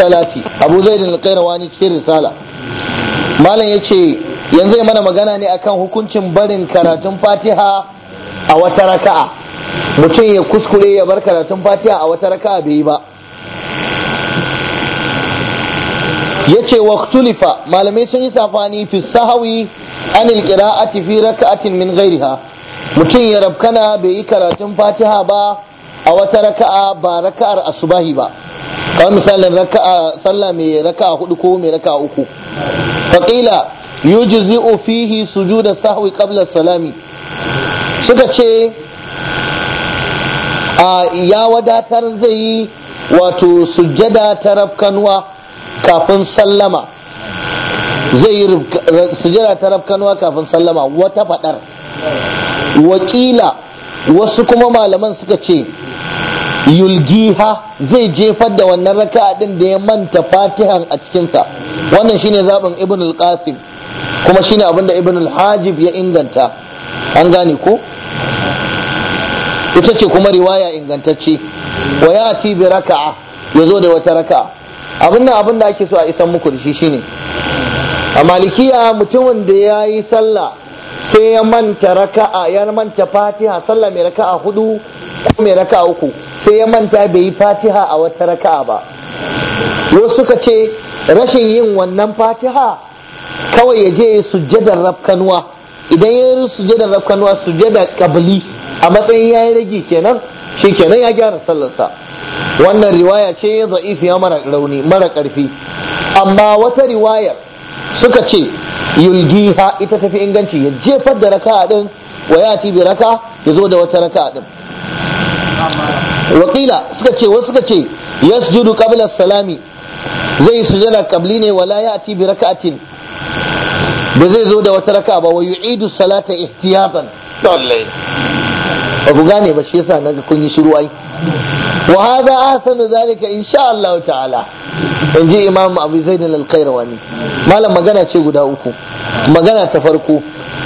salati abu zaid al-qayrawani cikin risala ya ce yanzu ya mana magana ne akan hukuncin barin karatun fatiha a wata raka'a mutum ya kuskure ya bar karatun fatiha a wata raka'a bai yi ba ya wa waqtulifa malamai sun yi safani fi sahawi an alqira'ati fi raka'atin min ghairiha mutum ya rabkana bai yi karatun fatiha ba a wata raka'a ba raka'ar asubahi ba Ba misalin raka'a sallah mai raka'a hudu ko mai raka'a uku faqila yujzi'u fihi sujuda sahwi qabla salami suka ce ya wadatar zai yi wato sujjada ta rafkanuwa kafin sallama zai yi sujjada ta kafin sallama wata fadar wakila wasu kuma malaman suka ce yulgiha zai jefar da wannan raka'a din da ya manta fatihan a cikinsa wannan shine zaɓin ibn al-qasim kuma shine abinda ibn al-hajib ya inganta an gane ko ita ce kuma riwaya ingantacce wa ya ci bi raka'a ya zo da wata raka'a abin nan abin da ake so a isan muku da shi shine a malikiya mutumin da ya yi sallah sai ya manta raka'a ya manta fatiha sallah mai raka'a hudu ko mai raka'a uku sai ya manta bai yi fatiha a wata raka'a ba wasu suka ce rashin yin wannan fatiha kawai ya je sujjadar rafkanuwa idan ya yi sujjadar rafkanuwa sujjadar kabli a matsayin ya yi rage kenan shi kenan ya gyara sallarsa wannan riwaya ce ya za'ifiya mara rauni mara karfi amma wata riwayar suka ce yulgiha ita tafi inganci ya jefar da raka'a din wa ya ci bi raka ya zo da wata raka'a din wakila suka ce wasu suka ce yasjudu qabla salami zai yi sujada qabli ne wala ya'ti bi raka'atin ba zai zo da wata raka ba wa yu'idu salata ihtiyatan dallai ba ku gane ba shi yasa naga kun yi shiru ai wa hadha ahsanu zalika insha Allah ta'ala in ji imam abu zaid al wani. malam magana ce guda uku magana ta farko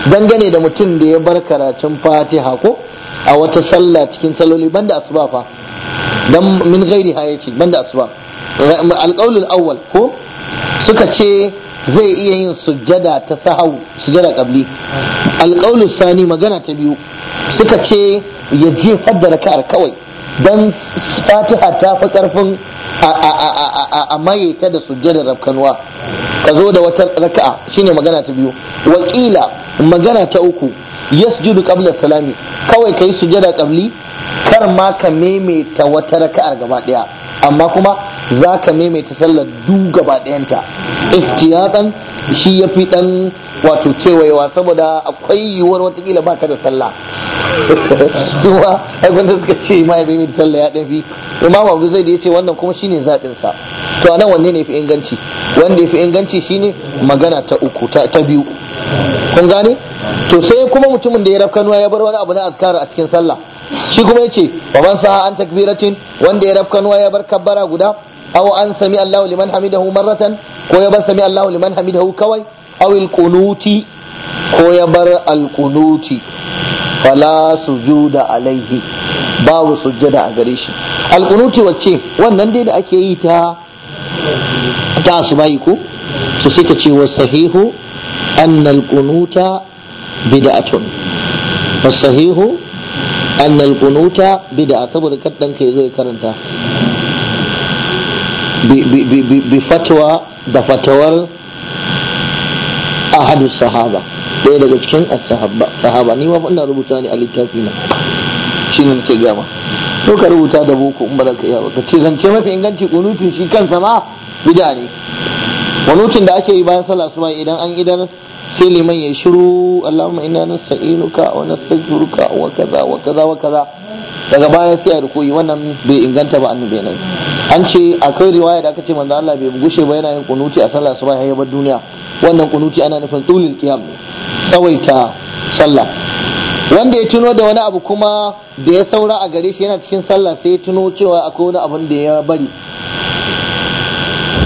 dangane da mutum da ya bar karatun fatiha ko a wata sallah cikin salloli banda asuba fa dan min gairi ha yace banda asuba alqaulul awwal ko suka ce zai iya yin sujjada ta sahau sujjada qabli alqaulul sani magana ta biyu suka ce ya je hadda raka'ar kawai Don fatiha ta fi karfin a maye ta da sujjada rafkanuwa ka zo da wata raka'a shine magana ta biyu wakila magana ta uku yasjudu qabla salami kawai kai sujada qabli kar ma ka maimaita wata raka'ar gaba daya amma kuma za ka maimaita sallar du gaba dayanta ihtiyatan shi yafi dan wato cewayewa saboda akwai yiwuwar watakila baka da sallah kuma ai wanda suka ce ma ya maimaita sallah ya dafi imam abu zai ya ce wannan kuma shine zaɓin sa to anan wanne ne fi inganci wanda ya fi inganci shine magana ta uku ta biyu kun gane to sai kuma mutumin da ya rafka nuwa ya bar wani abu na azkar a cikin sallah shi kuma yace wa man sa an takbiratin wanda ya rafka nuwa ya bar kabbara guda aw an sami Allahu liman hamidahu marratan ko ya bar sami Allahu liman hamidahu kawai aw alqunuti ko ya bar al-kunuti, alqunuti fala sujuda alaihi babu sujjada a gare shi al alqunuti wacce wannan dai da ake yi ta ta asubahi ko to sai ta ce wa sahihu أن القنوت بدعة والصحيح أن القنوت بدعة سبب كتن كيزو كرنتا بفتوى دفتور أحد الصحابة ɗaya daga cikin sahaba ni ma ina rubuta ne a littafi na shi ne nake gama ko ka rubuta da boko in ba za ka iya ba ka ce zance mafi inganci kunutun shi kansa ma bida ne manukin da ake yi bayan sallah asuba idan an idar sai liman ya shiru Allahumma inna nasta'inuka wa nastaghfiruka wa kaza wa kaza wa kaza daga baya sai a rukuyi wannan bai inganta ba annabi ne an ce akwai riwaya da aka ce manzo Allah bai gushe ba yana yin kunuti a sallah asuba ya bar duniya wannan kunuti ana nufin tulul qiyam ne tsawaita sallah wanda ya tuno da wani abu kuma da ya saura a gare shi yana cikin sallah sai ya tuno cewa akwai wani abun da ya bari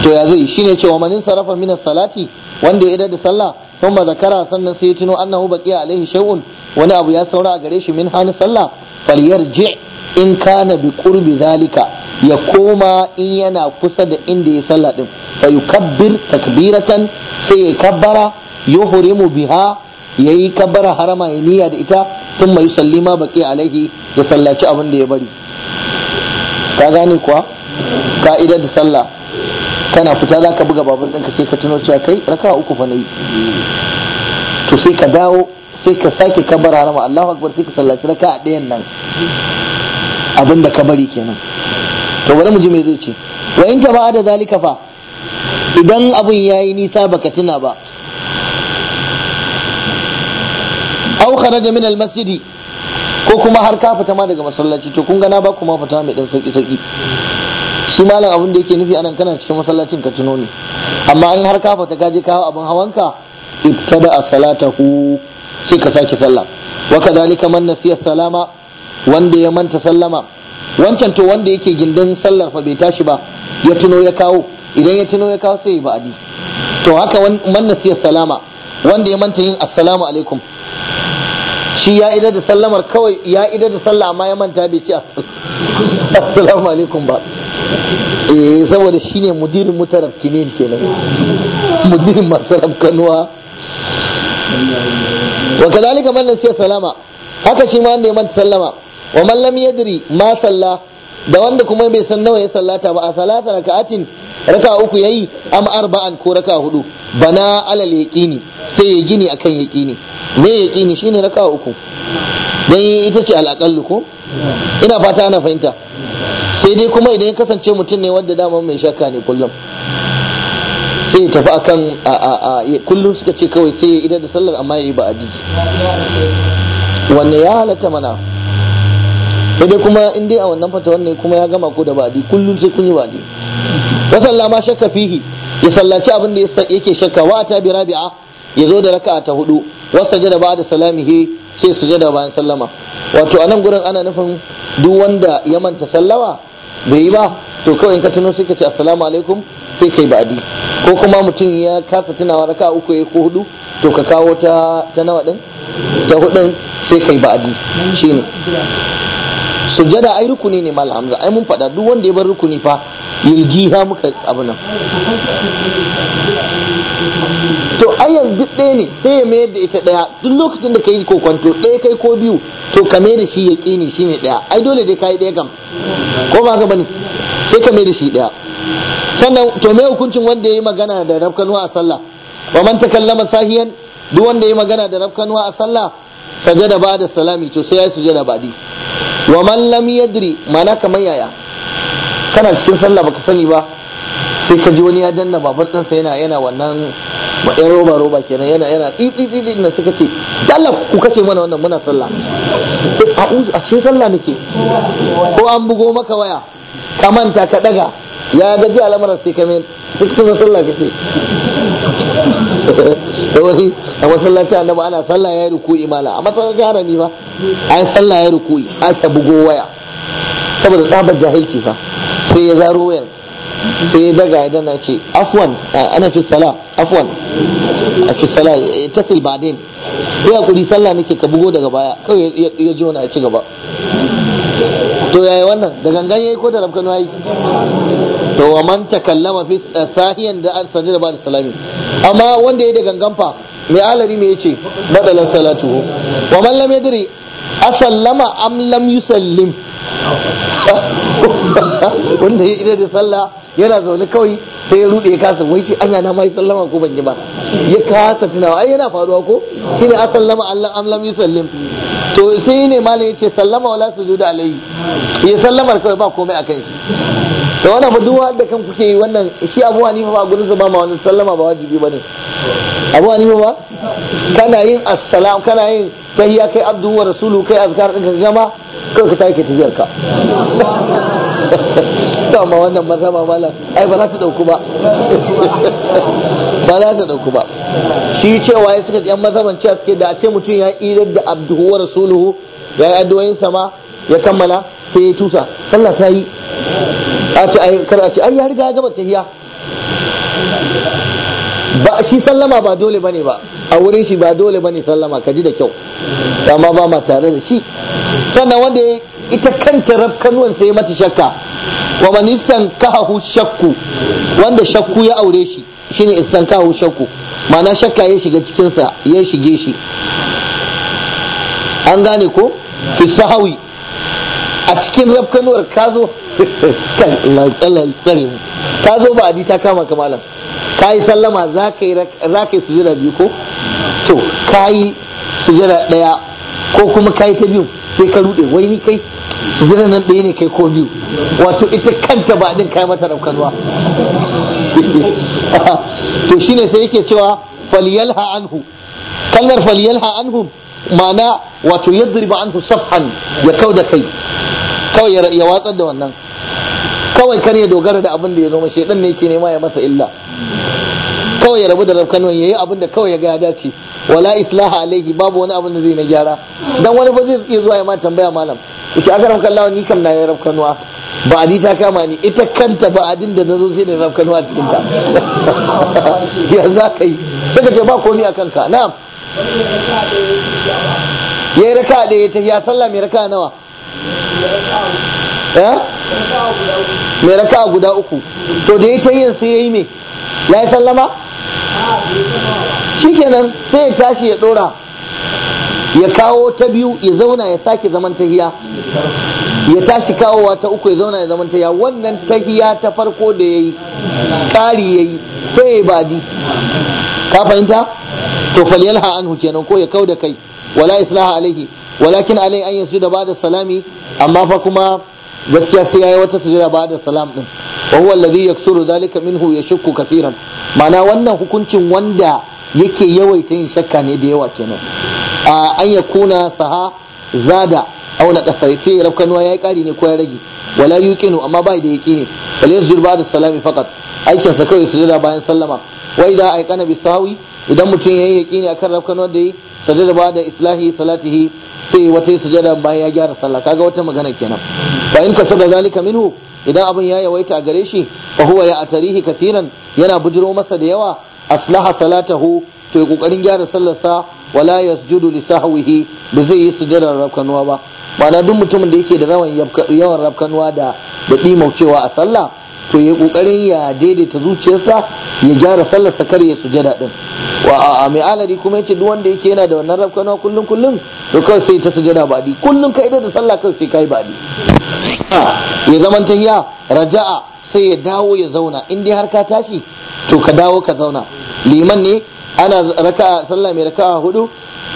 to ya zai shine cewa manin sarafa min salati wanda ya da sallah sun ma zakara sannan sai ya tuno annahu baqiya alaihi shay'un wani abu ya saura a gare shi min hani sallah falyarji in kana bi qurbi zalika ya koma in yana kusa da inda ya sallah din fa yukabbir takbiratan sai ya kabbara yuhrimu biha yayi kabbara harama ya niyya da ita sun mai sallima baki alaihi ya sallaci abin da ya bari ka gane kuwa ka'idar da sallah kana fita za ka buga babur ɗinka sai ka tuno cewa kai raka uku fa nayi to sai ka dawo sai ka sake kabar rama Allahu akbar sai ka sallaci raka a ɗayan nan abinda ka bari kenan to bari mu ji me zai ce wa in ta da zalika fa idan abin yayi nisa baka tuna ba aw kharaja min al-masjidi ko kuma har ka fita ma daga masallaci to kun ga na ba kuma fita mai dan sauki sauki shi malam abin da yake nufi anan kana cikin masallacin ka tuno ne amma an har kafa ta gaje kawo abin hawanka ibtada a salatahu sai ka sake sallah wa kadhalika man nasiya salama wanda ya manta sallama wancan to wanda yake gindin sallar fa bai tashi ba ya tuno ya kawo idan ya tuno ya kawo sai ya ba'adi to haka man nasiya salama wanda ya manta yin assalamu alaikum shi ya idar da sallamar kawai ya idar da sallah amma ya manta bai ce assalamu alaikum ba saboda eh, saboda shine mudirin mutaraf kinin ke nan, mudirin masu rafkanuwa wa kadhalika man nasiya salama haka shi ma wanda ya manta sallama wa man lam yadri ma salla da wanda kuma bai san nawa ya sallata ba a salata raka'atin raka uku yayi am arba'an ko raka hudu bana alal yaqini sai ya gini akan yaqini me yaqini shine raka uku dan ita ce al ko ina fata ana fahimta sai dai kuma idan ya kasance mutum ne wanda dama mai shakka ne kullum sai ya tafi akan kullum suka ce kawai sai ya idan da sallar amma ya yi ba'adi wanne ya halatta mana dai kuma in dai a wannan fata wannan kuma ya gama ko da ba'adi kullum sai kun yi ba'adi wasan lama shakka fihi ya sallaci abin da yake shakka wa ta bi rabi'a ya zo da raka'a ta hudu da salami salamihi sai su jada bayan sallama wato a nan gurin ana nufin duk wanda ya manta sallama bai yi ba to kawai in ka tuno sai ka ce assalamu alaikum sai kai ba'adi ko kuma mutum ya kasa tunawa raka uku ya ko hudu to ka kawo ta ta nawa din ta hudun sai kai ba'adi shine sujjada ai rukuni ne mal hamza ai mun faɗa duk wanda ya bar rukuni fa ha muka abu nan duk ɗaya ne sai ya mayar da ita ɗaya duk lokacin da yi kokwanto ɗaya kai ko biyu to ka mayar da shi ya ƙini shi ne ɗaya ai dole dai kayi ɗaya kam ko ba ka bane sai ka mayar da shi ɗaya sannan to mai hukuncin wanda ya yi magana da rafkanuwa a sallah ba man takallama sahiyan duk wanda ya yi magana da rafkanuwa a sallah sajada ba da salami to sai ya yi sujada di wa man lam yadri mana kamar yaya kana cikin sallah baka sani ba sai ka ji wani ya danna babar ɗansa yana yana wannan ba ɗan roba roba kenan yana yana tsitsitsi na suka ce Allah ku kashe mana wannan muna sallah a uzu a ce sallah nake ko an bugo maka waya ka manta ka daga ya gaji al'amarar sai ka mai duk tuna sallah kake da wani a masallaci annabi ana sallah ya ruku'i mala a masallaci harami ba an sallah ya ruku'i aka bugo waya saboda tsabar jahilci fa sai ya zaro wayar sai ya daga idan dana ce afwan ana fi sala afwan a fi sala eh, ta silbadin ya kuri sallah nake ka bugo daga baya kawai ya ji wani a ci gaba to yi wannan da gangan yayi ko da rabkan yayi to wa man takallama fi eh, sahiyan da sanin da ba da salami amma wanda yayi da gangan fa mai alari me yace badala salatu wa man lam yadri asallama am lam yusallim wanda ya ida da sallah yana zaune kawai sai ya rude ya kasa wai shi anya na mai sallama ko ban yi ba ya kasa tunawa ai yana faruwa ko shine a ah, sallama Allah am lam yusallim to sai ne malam yace sallama wala sujudu alaihi ya sallamar kawai ba komai akan shi to wannan mu duwa da kan kuke yi wannan shi Abu Hanifa ba gurin ba ma wannan sallama ba wajibi bane Abu Hanifa ba kana yin assalam kana yin tahiyya kai abdu wa rasulu kai azkar din ka gama kai ka tafi tafiyarka ba ma wannan maza ba mala ai ba za ta dauku ba ba za ta dauku ba shi cewa ya suka yan mazaban cewa suke da a ce mutum ya idar da abduhu wa rasuluhu ya yi addu'o'in sama ya kammala sai ya tusa sallah ta yi a ce ai kar a ce ai ya riga ya gama tahiya ba shi sallama ba dole bane ba a wurin shi ba dole bane sallama ka ji da kyau amma ba ma tare da shi sannan wanda ya ita kanta rafkanuwan sai mata shakka wa man istankahu shakku wanda shakku ya aure shi shine istankahu shakku ma'ana shakka ya shiga cikin sa ya shige shi an gane ko fi sahawi a cikin rafkanuwar ka zo ka zo ba ta kama kamalan ka yi sallama za zakai su sujada biyu ko to ka yi sujada ɗaya ko kuma ka ta biyu sai ka rude wai ni kai gidan nan ɗaya ne kai ko biyu wato ita kanta ba din kai mata rafkanuwa to shine sai yake cewa falyalha anhu kalmar falyalha anhu ma'ana wato yadriba anhu safhan ya kau da kai kawai ya watsar da wannan kawai kan ya dogara da abin da ya zama shaidan ne ke nema ya masa illa kawai ya rabu da rafkanuwa ya yi abin da kawai ya ga dace wala islaha alaihi babu wani abin da zai na gyara dan wani ba zai iya zuwa ya ma tambaya malam yace aka ramka Allah ni kam na yi rafkanuwa ba a ta kama ni ita kanta ba adin da nazo sai da rafkanuwa cikin ta ya za ka yi Saka ce ba komi a kanka na'am ya yi raka da ya tafiya sallah mai raka nawa eh? mai raka guda uku to da ya ta yin sai ya yi me ya yi sallama shikenan sai ya tashi ya dora ya kawo ta biyu ya zauna ya sake zaman tahiya ya tashi kawowa ta uku ya zauna ya zaman tahiya wannan tahiya ta farko da ya yi ƙari ya yi sai ya badi ka fahimta to falyalha anhu kenan ko ya kau da kai wala islaha alaihi walakin alai an yasuda ba da salami amma fa kuma gaskiya sai yayi wata sujada ba da salam din wa huwa alladhi yaksuru zalika minhu yashukku kaseeran ma'ana wannan hukuncin wanda yake yawaita yin shakka ne da yawa kenan a an ya kuna saha zada auna kasa sai ya rabka nuwa yayi kari ne ko ya rage wala yuqinu amma bai da yaqini wala ba ba'da salami faqat aikin sa kawai sujuda bayan sallama wa idza ayqana bi sawi idan mutum yayi yaqini akan rabka nuwa da yi sajada ba'da islahi salatihi sai wata sujada bayan ya gyara sallah kaga wata magana kenan fa in kasaba zalika minhu idan abin ya yawaita gare shi fa huwa ya atarihi katiran yana bujiro masa da yawa aslaha salatahu to kokarin gyara sallarsa wala yasjudu li sahwihi ba zai yi sujadar rafkanuwa ba ma'ana duk mutumin da yake da yawan yawan rafkanuwa da da dimaucewa a sallah to ya kokarin ya daidaita zuciyarsa ya gyara sallarsa kar ya sujada din wa a mai alari kuma yace duk wanda yake yana da wannan rafkanuwa kullun kullun to kawai sai ta sujada badi kullun kai da sallah kawai sai kai badi ya ta ya raja'a sai ya dawo ya zauna in dai har ka tashi to ka dawo ka zauna liman ne ana raka'a sallah mai raka'a hudu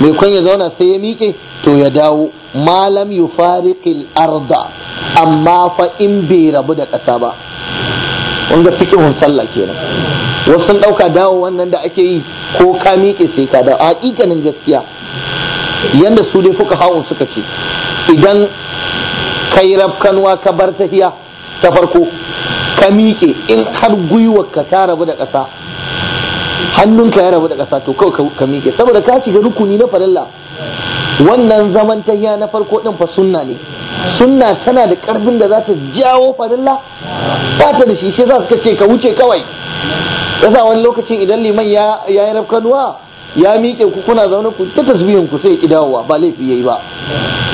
mai kwanya zauna sai ya miƙe to ya dawo malam yufariqil arda amma fa in bai rabu da ƙasa ba wanda fikihun sallah kenan wasu sun ɗauka dawo wannan da ake yi ko ka miƙe sai ka dawo a hakikanin gaskiya yadda su dai fuka hawan suka ce idan kai rafkanwa ka bar tahiya ta farko ka miƙe in har gwiwa ka ta rabu da ƙasa hannunka ya rabu da ƙasa to kawai ka miƙe saboda ka shiga rukuni na farilla wannan zaman tanya na farko ɗin fa sunna ne sunna tana da ƙarfin da za ta jawo farilla ba ta da shi shi za su ce ka wuce kawai yasa wani lokacin idan liman ya yi rafkanuwa ya miƙe ku kuna zaune ku ta tasbihin ku sai ki dawowa ba laifi yayi ba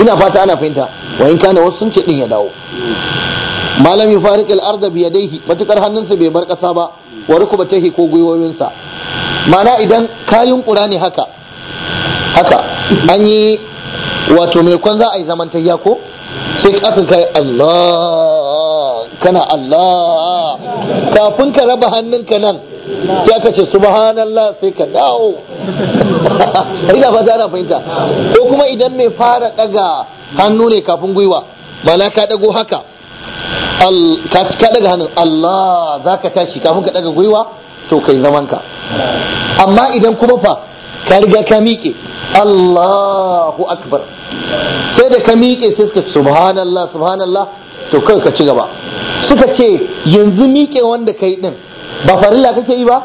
ina fata ana fahimta wa kana wasu sun ce din ya dawo malami yufariq Arda ard bi yadayhi matukar hannunsa bai bar ƙasa ba wa rukubatahi ko gwiwoyinsa ma'ana idan kayan kura ne haka haka an yi wato mai kwan za a yi zamantayya ko sai aka kai Allah kana Allah kafin ka raba hannunka nan sai aka ce subhanallah sai ka dawo ina ba ana fahimta ko kuma idan mai fara daga hannu ne kafin gwiwa mana ka dago haka ka daga hannun Allah za ka tashi kafin ka daga gwiwa to kai zaman ka amma idan kuma fa ka riga ka miƙe Allahu akbar sai da ka miƙe sai suka subhanallah subhanallah to kai ka ci gaba suka ce yanzu miƙe wanda kai din ba farilla kake yi ba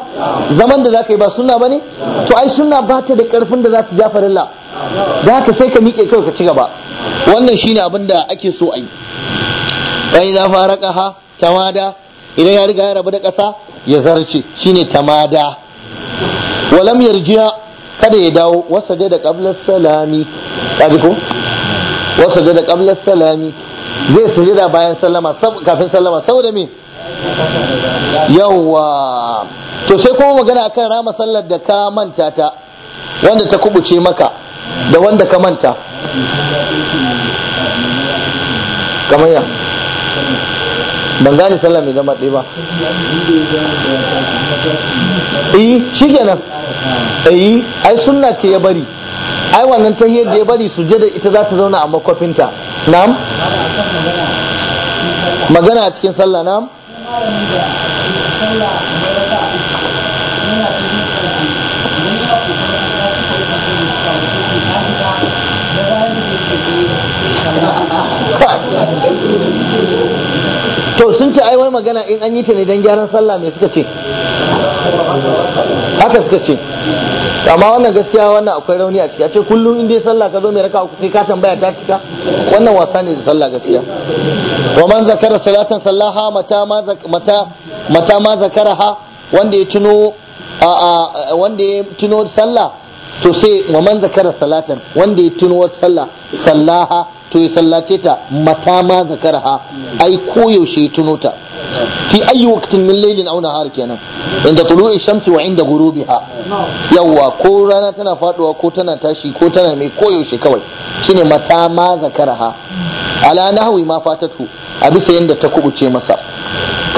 zaman da zaka yi ba sunna bane to ai sunna ba ta da karfin da za ta ja farilla da haka sai ka miƙe kai ka ci gaba wannan shine abin da ake so a yi fa idza ha tamada idan ya riga ya rabu da ƙasa ya zarce shine tamada walam yarjiya kada ya dawo wasaje da qabla salami kaji ko wasaje da qabla salami zai sujada bayan sallama kafin sallama saboda me yawwa to sai kuma magana akan rama sallar da ka manta ta wanda ta kubuce maka da wanda ka manta kamar ya ban gane sallah mai zama ɗaya ba eh shi kenan eh ai sunna ce ya bari ai wannan tahiyar da ya bari da ita za ta zauna a makwafinta na'am magana a cikin sallah na'am to sun ce ai wai magana in an yi ta ne don gyaran sallah me suka ce haka suka ce amma wannan gaskiya wannan akwai rauni a ciki a ce kullum in dai sallah ka zo mai raka uku sai ka tambaya ta cika wannan wasa ne da sallah gaskiya wa man zakara salatan sallaha mata ma mata mata ma ha wanda ya tuno a wanda ya tuno sallah to sai wa man zakara salatan wanda ya tuno sallah sallaha to ya sallace ta mata ma ha ai koyaushe ya tuno ta fi ayi waqtin min laylin aw nahar kenan inda tulu'i shamsi wa inda ghurubiha yawa ko rana tana faduwa ko tana tashi ko tana mai koyaushe kawai shine mata ma ha ala nahwi ma fatatu a bisa yanda ta kubuce masa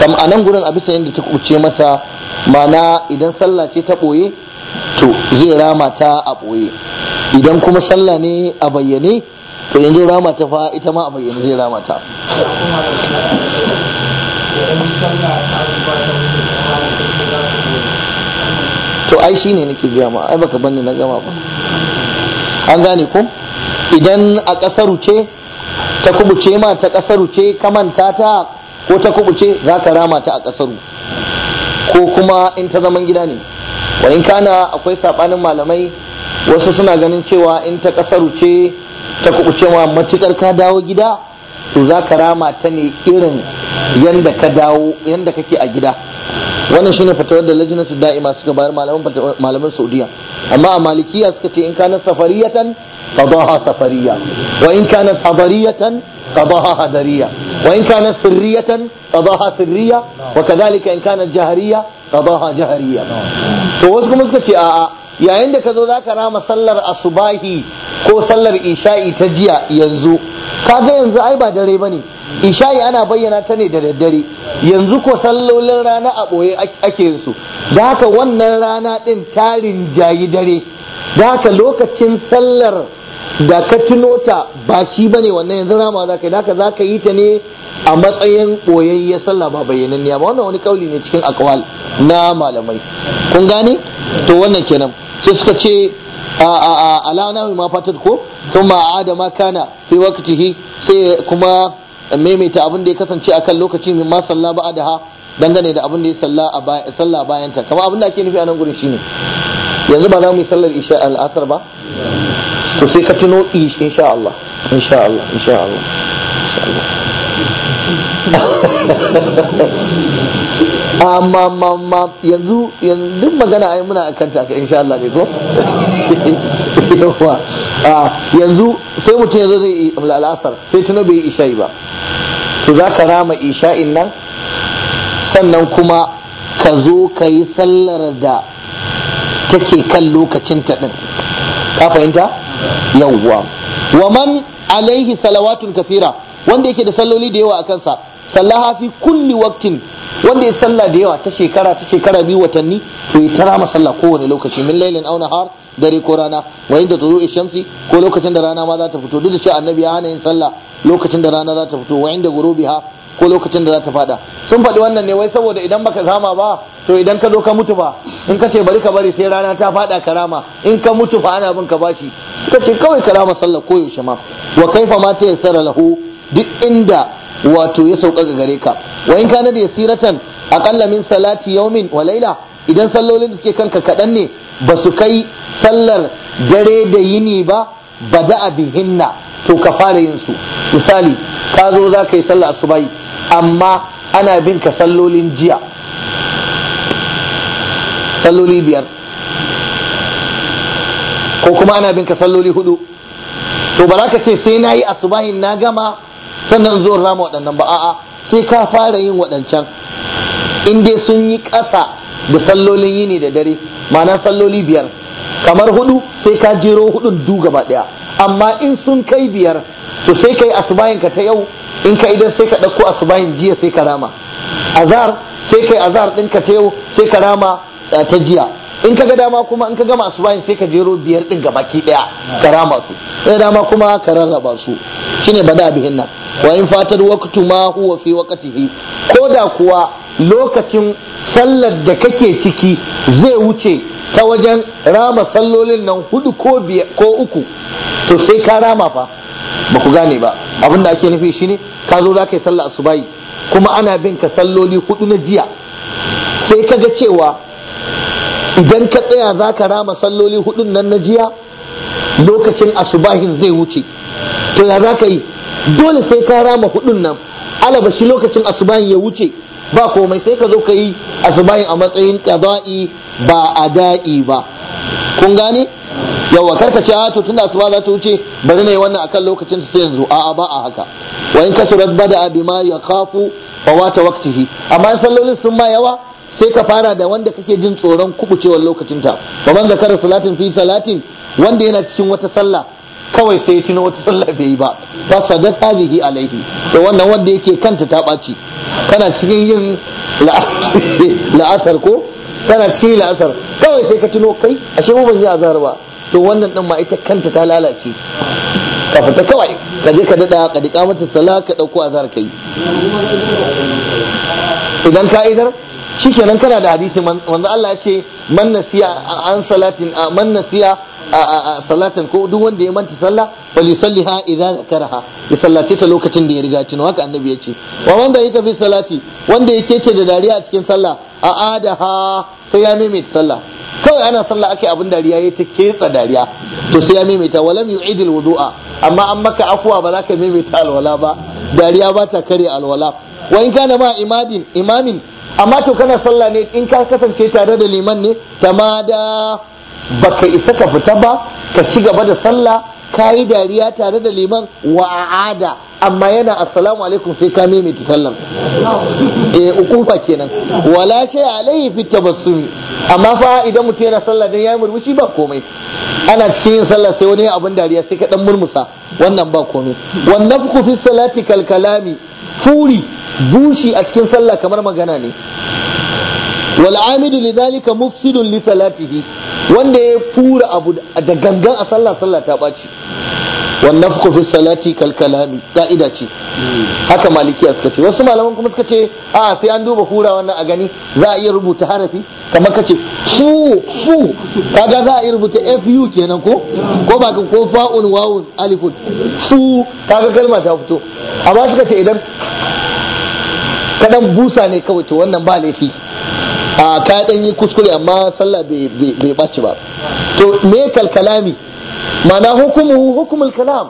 kam anan gurin a bisa yanda ta kubuce masa mana idan sallace ta boye to zai rama ta a boye idan kuma sallah ne a bayyane to yanzu rama ta fa ita ma a bayyana zai rama ta to ai shine nake gaya ma ai baka banni na gama ba an gane ko idan a kasaru ce ta kubuce ma ta kasaru ce ka manta ta ko ta kubuce za ka rama ta a ƙasar ko kuma in ta zaman gida ne wa in kana akwai saɓanin malamai wasu suna ganin cewa in ta kasar ce ta kuɓu cewa matukar ka dawo gida to za ka rama ta ne irin yanda ka dawo yanda kake a gida wannan shine fatawar da lajinatu da'ima suka bayar malaman malaman saudiya amma a malikiya suka ce in kana safariyatan qadaha safariya wa in kana hadariyatan قضاها هدرية وإن كانت سرية قضاها سرية وكذلك إن كانت جهرية قضاها جهرية فوزكم مسكتي آآ yayin da ka zo za ka rama sallar asubahi ko sallar isha'i ta jiya yanzu kaga yanzu ai ba dare bane isha'i ana bayyana ta ne da daddare yanzu ko sallolin rana a ɓoye ake yin su da wannan rana ɗin tarin jayi dare da lokacin sallar da ka tuno ta ba shi bane wannan yanzu rama za ka yi za ka yi ta ne a matsayin ɓoyayyen sallah ba bayyananniya ba wannan wani kauli ne cikin akwal na malamai kun gane to wannan kenan sai suka ce a alana ma mafatar ko sun maa ma kana fi wakatihi sai kuma maimaita abin da ya kasance a kan lokaci min ma sallah ba da ha, dangane da abin da ya sallah bayanta kamar abin da ake nufi a nan gurin shine yanzu ba za mu yi sallar isha al'asar ba to sai ka tuno ish insha Allah insha Allah insha Allah amma amma yanzu yanzu magana ai muna akan ta insha Allah ne ko yawa ah, yanzu sai mutum yanzu zai yi al'asar sai tuno bai yi ba to za ka rama isha'in nan sannan kuma ka zo ka yi sallar da take kan lokacin ta din ka fahimta yawwa wa man alaihi salawatun kafira wanda yake da salloli da yawa a kansa sallaha fi kulli waktin wanda ya salla da yawa ta shekara ta shekara biyu watanni to ya tara ma sallah kowane lokaci min lailin aw nahar dare ko rana wa inda tulu'i shamsi ko lokacin da rana ma za ta fito duk da cewa annabi ya hana yin sallah lokacin da rana za ta fito wa inda gurubiha ko lokacin da za ta fada sun faɗi wannan ne wai saboda idan baka zama ba to idan ka zo ka mutu fa in ka ce bari ka bari sai rana ta fada karama in ka mutu fa ana bin ka bashi suka ce kawai karama sallah ko yaushe ma wa kaifa ma ta yassara lahu duk inda wato ya ga gare ka wa in kana da yasiratan aqalla min salati yawmin wa laila idan sallolin da suke kanka kaɗan ne ba su kai sallar dare da yini ba bada'a bihinna to ka fara yin su misali ka zo za ka yi sallah asubai amma ana bin ka sallolin jiya salloli biyar ko kuma ana binka salloli hudu to ba za ka ce sai na yi asubahin na gama sannan zuwan rama waɗannan ba a'a sai ka fara yin waɗancan in dai sun yi ƙasa da sallolin yini da dare ma'ana salloli biyar kamar hudu sai ka jero hudun du gaba ɗaya amma in sun kai biyar to sai ka yi asubahin ka ta yau in ka idan sai ka ɗauko asubahin jiya sai ka rama azar sai kai azar ɗinka ta yau sai ka rama ta jiya in ka ga dama kuma in ka gama su sai ka jero biyar din ga baki daya ka rama su sai dama kuma ka rarraba su shine bada bihin nan wa in fatar waqtu ma huwa fi waqtihi ko da kuwa lokacin sallar da kake ciki zai wuce ta wajen rama sallolin nan hudu ko ko uku to sai ka rama fa ba ku gane ba abin da ake nufi shine ka zo za ka yi sallar asubai kuma ana bin ka salloli hudu na jiya sai kaga cewa idan ka tsaya za ka rama salloli hudun nan na jiya lokacin asubahin zai wuce to ya za ka yi dole sai ka rama hudun nan alaba shi lokacin asubahin ya wuce ba komai sai ka zo ka yi asubahin a matsayin qada'i ba a daɗi ba kun gane yawa karka ce ah, to tunda asuba za ta wuce bari na yi wannan akan lokacin sai yanzu a ba a haka wa in kasurat bada bima ba wata waqtihi amma sallolin sun ma yawa sai ka fara da wanda kake jin tsoron kubucewar lokacinta Ba man zakara salatin fi salatin wanda yana cikin wata sallah kawai sai ya tuno wata sallah bai yi ba ba sadaqa hadhihi alaihi to wannan wanda yake kanta ta ɓaci kana cikin yin la'asar ko kana cikin la'asar kawai sai ka tuno kai ashe mu ban yi azhar ba to wannan din ma ita kanta ta lalace ka fita kawai ka je ka dada ka dika mata sallah ka dauko azhar kai idan ka idar shikenan kana da hadisi manzo Allah ya ce man nasiya an salatin man nasiya salatin ko duk wanda ya manta sallah fal salliha idza zakaraha ya sallace ta lokacin da ya riga tuno haka annabi ya ce wa wanda ya tafi salati wanda ya kece da dariya a cikin sallah a adaha sai ya maimaita sallah kawai ana sallah ake abin dariya ya ta ketsa dariya to sai ya maimaita walam yu'idil wudu'a amma an maka afuwa ba za ka maimaita alwala ba dariya ba ta kare alwala wa in kana ma imadin imamin amma to kana sallah ne in ka kasance tare da liman ne tamada baka isa ka fita ba ka ci gaba da sallah ka yi dariya tare da liman wa a'ada amma yana assalamu alaikum sai ka meme ta sallan eh ukufa kenan wala shay alaihi fi tabassumi amma fa idan mutum yana sallah dan yayi murmushi ba komai ana cikin yin sallah sai wani abin dariya sai ka dan murmusa wannan ba komai Wannan fi salati kal kalami furi Bushi a cikin sallah kamar magana ne wal amidu lidhalika mufsidun li salatihi wanda ya fura abu da gangan a sallah sallah ta baci wan nafqu fi salati kal kalami ka'ida ce haka malikiya suka ce wasu malaman kuma suka ce a sai an duba hura wannan a gani za a iya rubuta harafi kamar kace fu fu kaga za a iya rubuta fu kenan ko ko ba ka ko fa'un wawun alifun fu kaga kalma ta fito amma suka ce idan kaɗan busa ne kawai to wannan ba laifi a ka ɗan yi kuskure amma sallah bai ɓaci ba to me kalkalami ma'ana hukumu hukumul kalam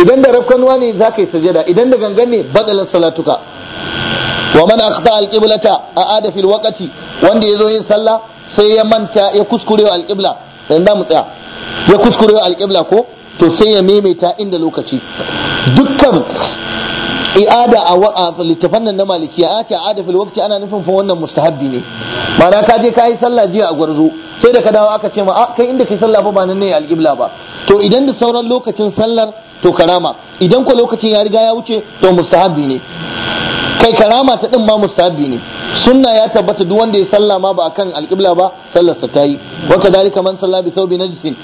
idan da rafkanuwa ne za yi sujada idan da gangan ne badalan salatuka wa man akhta alqiblata a ada fil waqti wanda yazo yin sallah sai ya manta ya kuskure alqibla dan da mu ya kuskure alqibla ko to sai ya maimaita inda lokaci dukkan i'ada a littafan nan na malikiya a ce i'ada fil waqti ana nufin fa wannan mustahabbi ne ma'ana ka je ka yi sallah jiya a gwarzo sai da ka dawo aka ce ma a ah, kai inda kai sallah fa ba nan ne alqibla ba to idan da sauran lokacin sallar to karama idan ko lokacin ya riga ya wuce to mustahabbi ne kai karama ta din ma mustahabbi ne sunna ya tabbata duk wanda ya salla ma ba akan alqibla ba sallar sa tayi wa kadhalika man salla bi thawbin najisin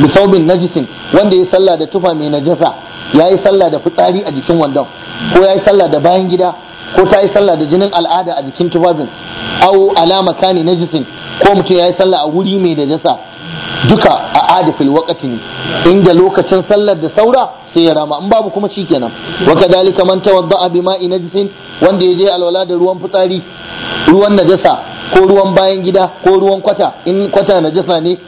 bi thawbin najisin wanda ya sallah da tufa mai najasa ya yi sallah da fitsari a jikin wandon ko ya yi sallah da bayan gida ko ta yi sallah da jinin al'ada a jikin tufafin au alama kani najisin ko mutum ya yi sallah a wuri mai da jasa duka a adifil wakati ne inda lokacin sallar da saura sai ya rama in babu kuma shi shikenan wa kadhalika man tawadda'a na najisin wanda ya je alwala da ruwan fitsari ruwan najasa ko ruwan bayan gida ko ruwan kwata in kwata najasa ne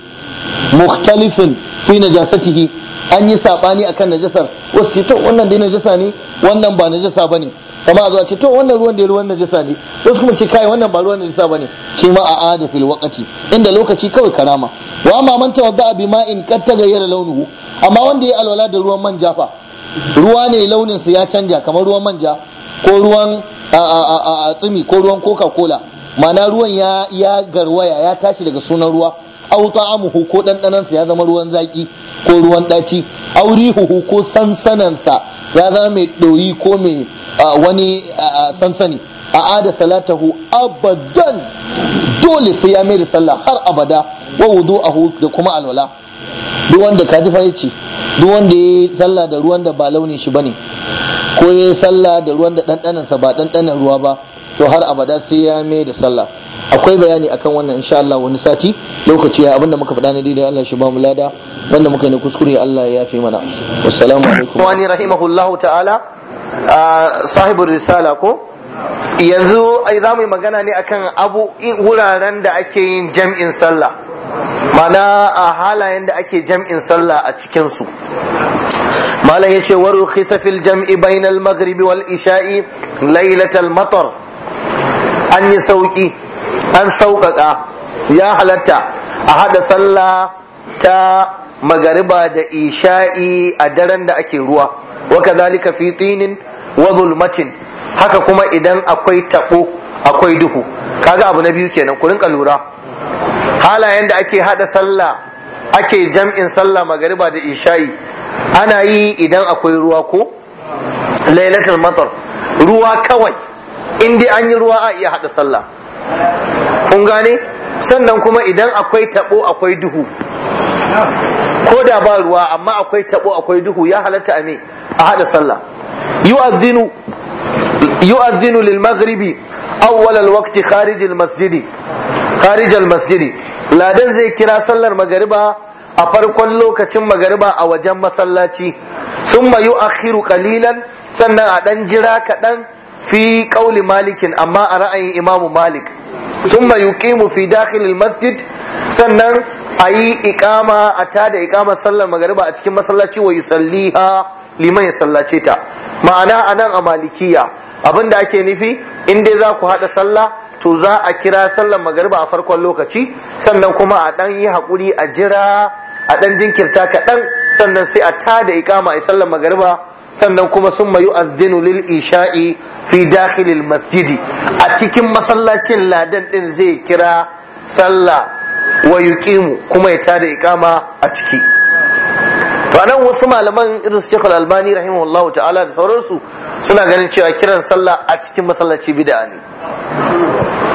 mukhtalifin fi najasatihi an yi sabani akan najasar wasu ce to wannan dai najasa ne wannan ba najasa bane kama a zuwa ce to wannan ruwan da ruwan najasa ne wasu kuma ce kai wannan ba ruwan najasa bane shi ma a ada fil waqti inda lokaci kawai karama wa amma man tawadda bi ma'in kad tagayyara launuhu amma wanda ya alwala da ruwan manja fa ruwa ne launin sa ya canja kamar ruwan manja ko ruwan a tsumi ko ruwan coca cola ma'ana ruwan ya garwaya ya tashi daga sunan ruwa aw ta'amuhu ko sa ya zama ruwan zaki ko ruwan daci aw rihuhu ko sansanansa ya zama mai doyi ko mai wani sansani a ada salatahu abadan dole sai ya mai sallah har abada wa wudu'ahu da kuma alwala duk wanda ka ji fayyace duk wanda ya yi sallah da ruwan da ba launin shi bane ko ya yi sallah da ruwan da ɗanɗanansa ba ɗanɗanan ruwa ba to har abada sai ya mai da sallah akwai bayani akan wannan insha Allah wani sati lokaci ya abinda muka faɗa ne da Allah shi ba mu lada wanda muka yi kuskure Allah ya yafe mana assalamu alaikum wani rahimahullahu ta'ala sahibul risala ko yanzu za mu yi magana ne akan abu wuraren da ake yin jam'in sallah mana a halayen da ake jam'in sallah a cikinsu malam ya ce waru fil jam'i bainal maghribi wal isha'i lailatal matar an yi sauƙi, an sauƙaƙa ya halatta a haɗa sallah ta magariba da isha'i a daren da ake ruwa waka zalika fi tinin wa zulmatin haka kuma idan akwai taɓo akwai duhu kaga abu na biyu kenan ku rinka lura halayen da ake haɗa sallah ake jam'in sallah magariba da isha'i ana yi idan akwai ruwa ko lailatul matar ruwa kawai in dai an yi ruwa a iya haɗa sallah kun gane sannan kuma idan akwai tabo akwai duhu ko da ba ruwa amma akwai tabo akwai duhu ya halatta a me a hada sallah yu'azzinu yu'azzinu lil maghribi awwal al waqti kharij al masjid kharij al masjid ladan zai kira sallar magariba a farkon lokacin magariba a wajen masallaci thumma yu'akhiru qalilan sannan a dan jira kaɗan fi qauli malikin amma a ra'ayin imamu malik thumma yuqimu fi dakilin masjid sannan ayi iqama a tada iqamar sallar magariba a cikin masallaci wa ha liman ya sallace ta ma'ana a nan a malikiya abinda ake nufi in dai za ku hada sallah to za a kira sallar magariba a farkon lokaci sannan kuma a dan yi hakuri a jira a dan jinkirta kaɗan sannan sai a tada iqama a sallar magariba sannan kuma sun mayu azzinu lil isha'i fi dakhilil masjidi a cikin masallacin ladan din zai kira sallah wa yuqimu kuma ya tada iqama a ciki to anan wasu malaman irin Sheikh Al-Albani rahimahullahu ta'ala da sauransu suna ganin cewa kiran sallah a cikin masallaci bid'a ne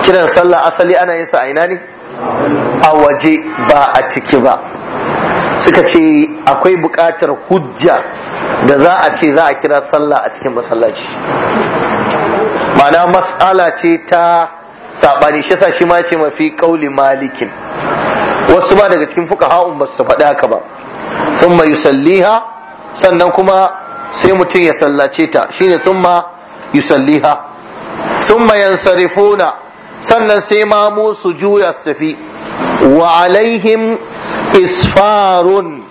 kiran sallah asali ana yin sa a ina ne a waje ba a ciki ba suka ce akwai buƙatar hujja da za a ce za a kira sallah a cikin masallaci ma'ana mas'ala ce ta saɓani shi sa shi ma ce mafi ƙauli malikin wasu ba daga cikin fuka ha'un ba su faɗi haka ba sun mai yusalliha sannan kuma sai mutum ya sallace ta shine sun ma yusalliha sun ma yansarifuna sannan sai ma mu su juya su tafi wa alaihim isfarun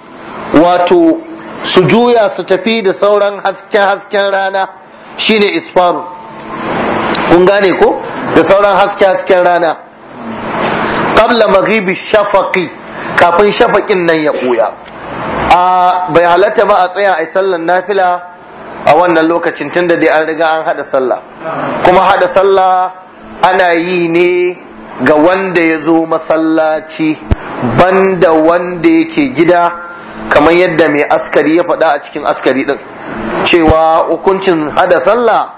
wato su juya su tafi da sauran hasken-hasken rana shine isfarun kun gane ko da sauran haske-hasken rana qabla maghibi shafaqi kafin shafaƙin nan ya ɓuya a bai halatta ba a tsaya a sallan nafila a wannan lokacin tunda dai an riga an hada sallah kuma hada sallah ana yi ne ga wanda ya zo masallaci banda wanda yake gida kamar yadda mai askari ya faɗa a cikin askari ɗin cewa hukuncin hada sallah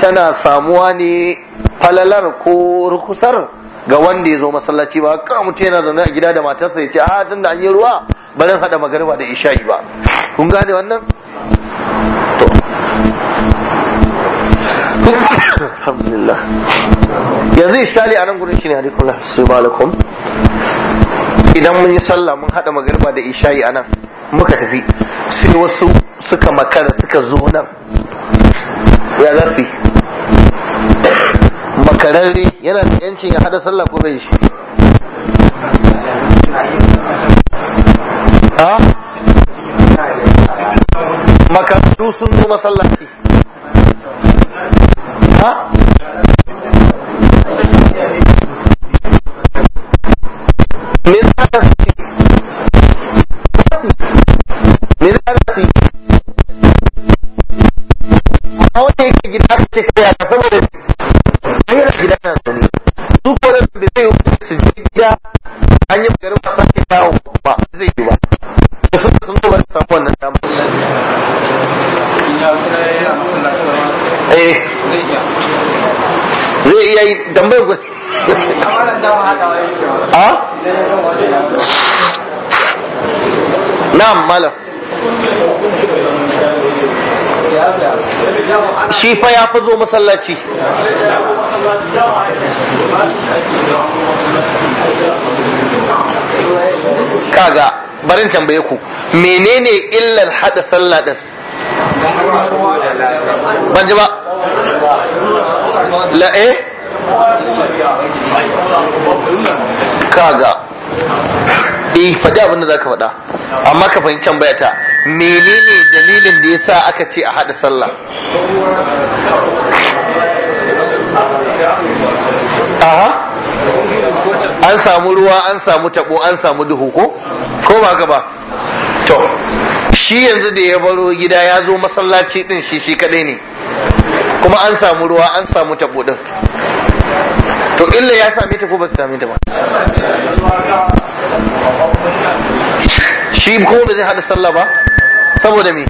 tana samuwa ne falalar ko rukusar ga wanda ya zo masallaci ba ka mutum yana zaune a gida da matarsa ya ce a ah, da an yi ruwa barin hada magariba da isha'i ba kun gane wannan alhamdulillah yanzu iskali a nan gurin shine alaikun subhanakum idan mun yi sallah mun hada magarba da isha'i a nan muka tafi sai wasu suka makara suka zo nan ya za su makararri yana da yancin ya hada sallah ko bai shi ah? makarantu sun zo masallaci ce kai ya saboda yi yana gida na zaune su ko da bai zai su je gida an yi magana ba sa ke dawo ba zai yi ba da sun sun zo ba da samu wannan dama eh zai iya yi dambayar gwai a ah? na'am malam shi fa ya fi zo masallaci kaga barin tambaye ku menene illar hada sallah din ban ji ba la'e eh? kaga eh faɗi abin da za ka faɗa amma ka fahimci tambaya ta menene dalilin da yasa aka ce a haɗa sallah aha an samu ruwa an samu tabo an samu duhu ko ko ba gaba to shi yanzu da ya baro gida ya zo masallaci din shi shi kadai ne kuma an samu ruwa an samu tabo din to illa ya same ta ko ba ta same ta ba shi ko ba zai hada sallah ba saboda me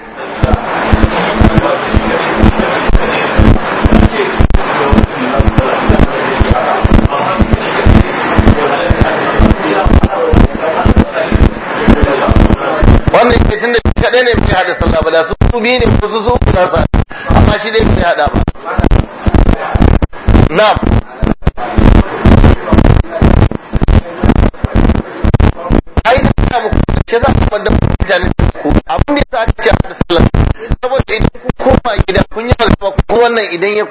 wannan yake tun da kaɗai ne bai hada sallah ba da su su biyu ne su su su ku amma shi dai bai hada ba na'am yasa aka ce a da sallah saboda idan kun koma gida kun yi halwa wannan idan ya